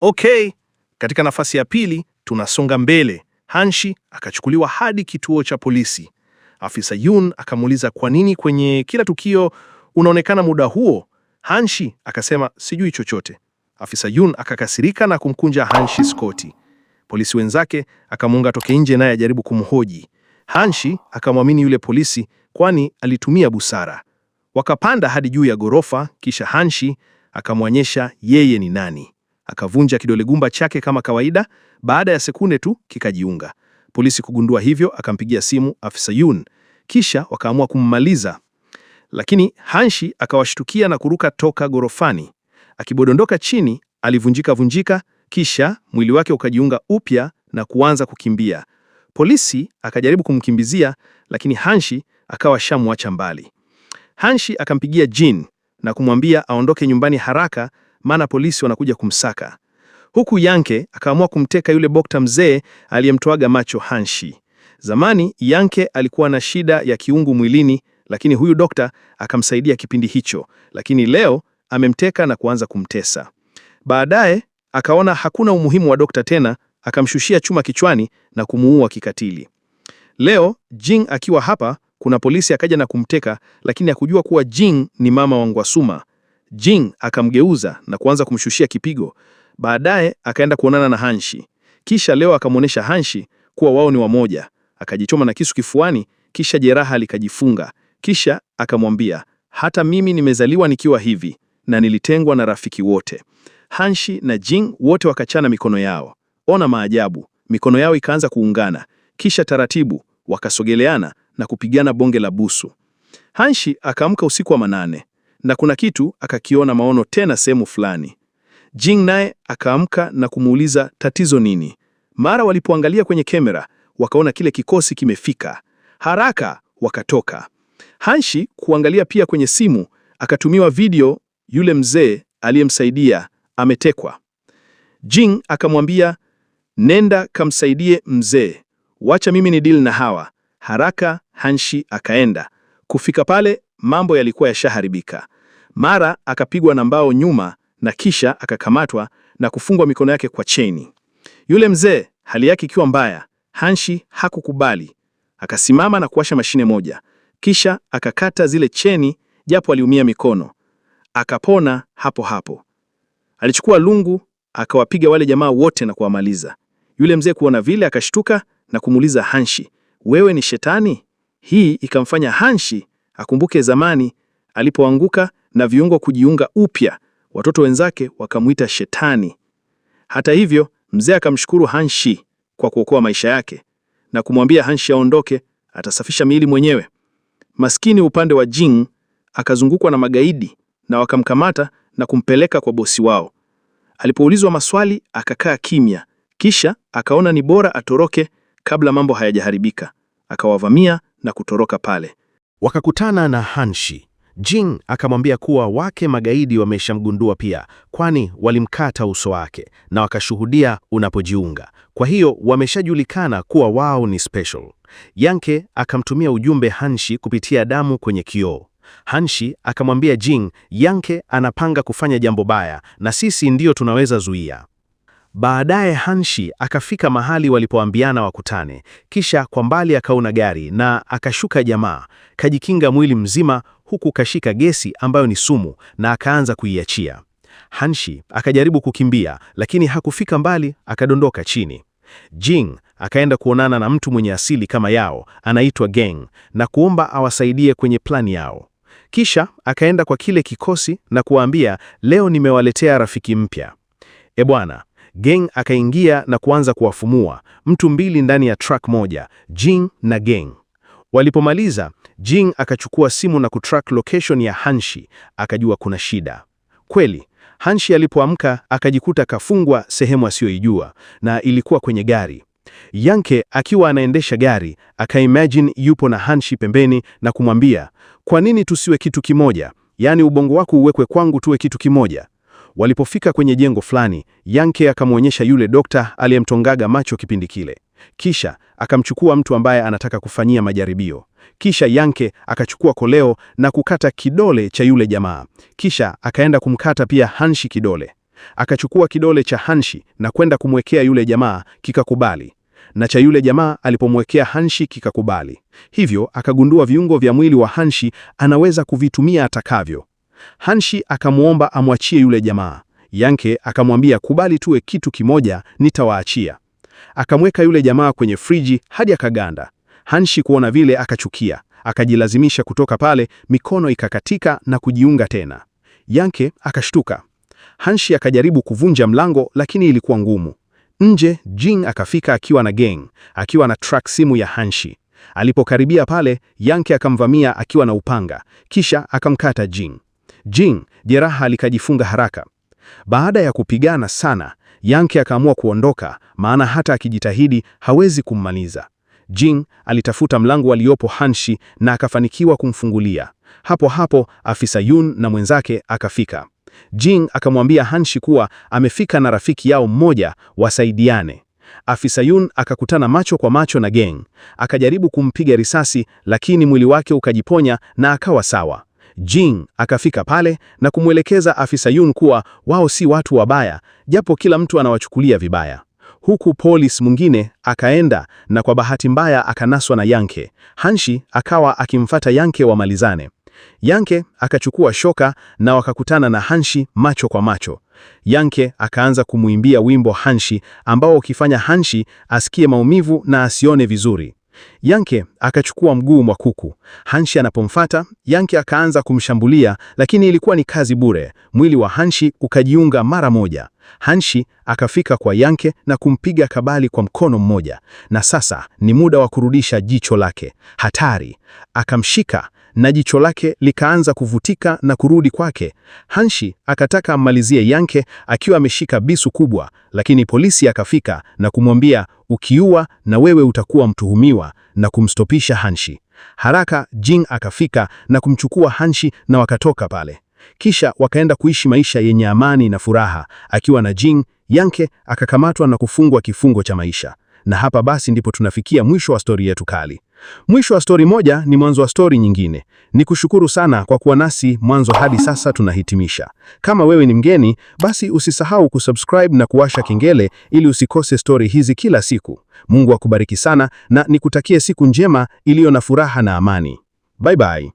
Okay, katika nafasi ya pili tunasonga mbele. Hanshi akachukuliwa hadi kituo cha polisi. Afisa Yun akamuuliza kwa nini kwenye kila tukio unaonekana muda huo. Hanshi akasema sijui chochote. Afisa Yun akakasirika na kumkunja Hanshi skoti. Polisi wenzake akamuunga toke nje, naye ajaribu kumhoji. Hanshi akamwamini yule polisi, kwani alitumia busara. Wakapanda hadi juu ya gorofa, kisha Hanshi akamwonyesha yeye ni nani. Akavunja kidole gumba chake kama kawaida, baada ya sekunde tu kikajiunga. Polisi kugundua hivyo, akampigia simu afisa Yun, kisha wakaamua kummaliza, lakini Hanshi akawashtukia na kuruka toka gorofani. Akibodondoka chini, alivunjika vunjika, kisha mwili wake ukajiunga upya na kuanza kukimbia. Polisi akajaribu kumkimbizia, lakini Hanshi akawa shamwacha mbali. Hanshi akampigia Jin na kumwambia aondoke nyumbani haraka maana polisi wanakuja kumsaka. Huku Yanke akaamua kumteka yule bokta mzee aliyemtoaga macho Hanshi. Zamani Yanke alikuwa na shida ya kiungu mwilini, lakini huyu dokta akamsaidia kipindi hicho, lakini leo amemteka na kuanza kumtesa. Baadaye akaona hakuna umuhimu wa dokta tena, akamshushia chuma kichwani na kumuua kikatili. Leo Jing akiwa hapa, kuna polisi akaja na kumteka, lakini hakujua kuwa Jing ni mama wa Ngwasuma. Jing akamgeuza na kuanza kumshushia kipigo. Baadaye akaenda kuonana na Hanshi, kisha leo akamwonyesha Hanshi kuwa wao ni wamoja. Akajichoma na kisu kifuani, kisha jeraha likajifunga. Kisha akamwambia hata mimi nimezaliwa nikiwa hivi na nilitengwa na rafiki wote. Hanshi na Jing wote wakachana mikono yao. Ona maajabu, mikono yao ikaanza kuungana, kisha taratibu wakasogeleana na kupigana bonge la busu. Hanshi akaamka usiku wa manane na kuna kitu akakiona maono tena sehemu fulani. Jing naye akaamka na kumuuliza tatizo nini. Mara walipoangalia kwenye kamera wakaona kile kikosi kimefika. Haraka wakatoka. Hanshi kuangalia pia kwenye simu akatumiwa video, yule mzee aliyemsaidia ametekwa. Jing akamwambia nenda kamsaidie mzee, wacha mimi ni deal na hawa. Haraka Hanshi akaenda. Kufika pale mambo yalikuwa yashaharibika. Mara akapigwa na mbao nyuma na kisha akakamatwa na kufungwa mikono yake kwa cheni. Yule mzee hali yake ikiwa mbaya, Hanshi hakukubali, akasimama na kuwasha mashine moja, kisha akakata zile cheni, japo aliumia mikono. Akapona hapo hapo. Alichukua lungu akawapiga wale jamaa wote na kuwamaliza. Yule mzee kuona vile akashtuka na kumuuliza Hanshi, wewe ni shetani? Hii ikamfanya Hanshi akumbuke zamani alipoanguka na viungo kujiunga upya, watoto wenzake wakamwita Shetani. Hata hivyo, mzee akamshukuru Hanshi kwa kuokoa maisha yake na kumwambia Hanshi aondoke, atasafisha miili mwenyewe. Maskini upande wa Jing akazungukwa na magaidi na wakamkamata na kumpeleka kwa bosi wao. Alipoulizwa maswali akakaa kimya, kisha akaona ni bora atoroke kabla mambo hayajaharibika. Akawavamia na kutoroka pale. Wakakutana na Hanshi. Jing akamwambia kuwa wake magaidi wameshamgundua pia, kwani walimkata uso wake na wakashuhudia unapojiunga. Kwa hiyo wameshajulikana kuwa wao ni special. Yanke akamtumia ujumbe Hanshi kupitia damu kwenye kioo. Hanshi akamwambia Jing, Yanke anapanga kufanya jambo baya na sisi ndiyo tunaweza zuia. Baadaye Hanshi akafika mahali walipoambiana wakutane, kisha kwa mbali akaona gari na akashuka. Jamaa kajikinga mwili mzima, huku kashika gesi ambayo ni sumu na akaanza kuiachia. Hanshi akajaribu kukimbia, lakini hakufika mbali, akadondoka chini. Jing akaenda kuonana na mtu mwenye asili kama yao anaitwa Geng na kuomba awasaidie kwenye plani yao. Kisha akaenda kwa kile kikosi na kuwaambia, leo nimewaletea rafiki mpya. ebwana Geng akaingia na kuanza kuwafumua mtu mbili ndani ya truck moja, Jing na Geng. Walipomaliza, Jing akachukua simu na kutrack location ya Hanshi, akajua kuna shida kweli. Hanshi alipoamka akajikuta kafungwa sehemu asiyoijua na ilikuwa kwenye gari. Yanke akiwa anaendesha gari akaimagine yupo na Hanshi pembeni na kumwambia, kwa nini tusiwe kitu kimoja? Yaani ubongo wako uwekwe kwangu tuwe kitu kimoja. Walipofika kwenye jengo fulani, Yanke akamwonyesha yule dokta aliyemtongaga macho kipindi kile. Kisha akamchukua mtu ambaye anataka kufanyia majaribio. Kisha Yanke akachukua koleo na kukata kidole cha yule jamaa. Kisha akaenda kumkata pia Hanshi kidole. Akachukua kidole cha Hanshi na kwenda kumwekea yule jamaa kikakubali. Na cha yule jamaa alipomwekea Hanshi kikakubali. Hivyo akagundua viungo vya mwili wa Hanshi anaweza kuvitumia atakavyo. Hanshi akamwomba amwachie yule jamaa. Yanke akamwambia kubali tuwe kitu kimoja, nitawaachia. Akamweka yule jamaa kwenye friji hadi akaganda. Hanshi kuona vile akachukia, akajilazimisha kutoka pale, mikono ikakatika na kujiunga tena. Yanke akashtuka. Hanshi akajaribu kuvunja mlango lakini ilikuwa ngumu. Nje Jing akafika akiwa na Geng, akiwa na track simu ya Hanshi. Alipokaribia pale, Yanke akamvamia akiwa na upanga, kisha akamkata Jing. Jing, jeraha likajifunga haraka. Baada ya kupigana sana, Yanke akaamua kuondoka, maana hata akijitahidi hawezi kummaliza. Jing alitafuta mlango aliopo Hanshi na akafanikiwa kumfungulia. Hapo hapo afisa Yun na mwenzake akafika. Jing akamwambia Hanshi kuwa amefika na rafiki yao mmoja, wasaidiane. Afisa Yun akakutana macho kwa macho na Geng, akajaribu kumpiga risasi, lakini mwili wake ukajiponya na akawa sawa. Jing akafika pale na kumwelekeza afisa Yun kuwa wao si watu wabaya, japo kila mtu anawachukulia vibaya. Huku polisi mwingine akaenda na kwa bahati mbaya akanaswa na Yanke. Hanshi akawa akimfata Yanke wamalizane. Yanke akachukua shoka na wakakutana na Hanshi macho kwa macho. Yanke akaanza kumwimbia wimbo Hanshi ambao ukifanya Hanshi asikie maumivu na asione vizuri. Yanke akachukua mguu mwa kuku. Hanshi anapomfata, Yanke akaanza kumshambulia, lakini ilikuwa ni kazi bure. Mwili wa Hanshi ukajiunga mara moja. Hanshi akafika kwa Yanke na kumpiga Kabali kwa mkono mmoja, na sasa ni muda wa kurudisha jicho lake. Hatari! Akamshika na jicho lake likaanza kuvutika na kurudi kwake. Hanshi akataka ammalizie Yanke akiwa ameshika bisu kubwa, lakini polisi akafika na kumwambia ukiua na wewe utakuwa mtuhumiwa, na kumstopisha Hanshi. Haraka Jing akafika na kumchukua Hanshi na wakatoka pale. Kisha wakaenda kuishi maisha yenye amani na furaha. Akiwa na Jing, Yanke akakamatwa na kufungwa kifungo cha maisha. Na hapa basi ndipo tunafikia mwisho wa stori yetu kali. Mwisho wa stori moja ni mwanzo wa stori nyingine. Ni kushukuru sana kwa kuwa nasi mwanzo hadi sasa tunahitimisha. Kama wewe ni mgeni, basi usisahau kusubscribe na kuwasha kengele ili usikose stori hizi kila siku. Mungu akubariki sana na nikutakie siku njema iliyo na furaha na amani. Bye bye.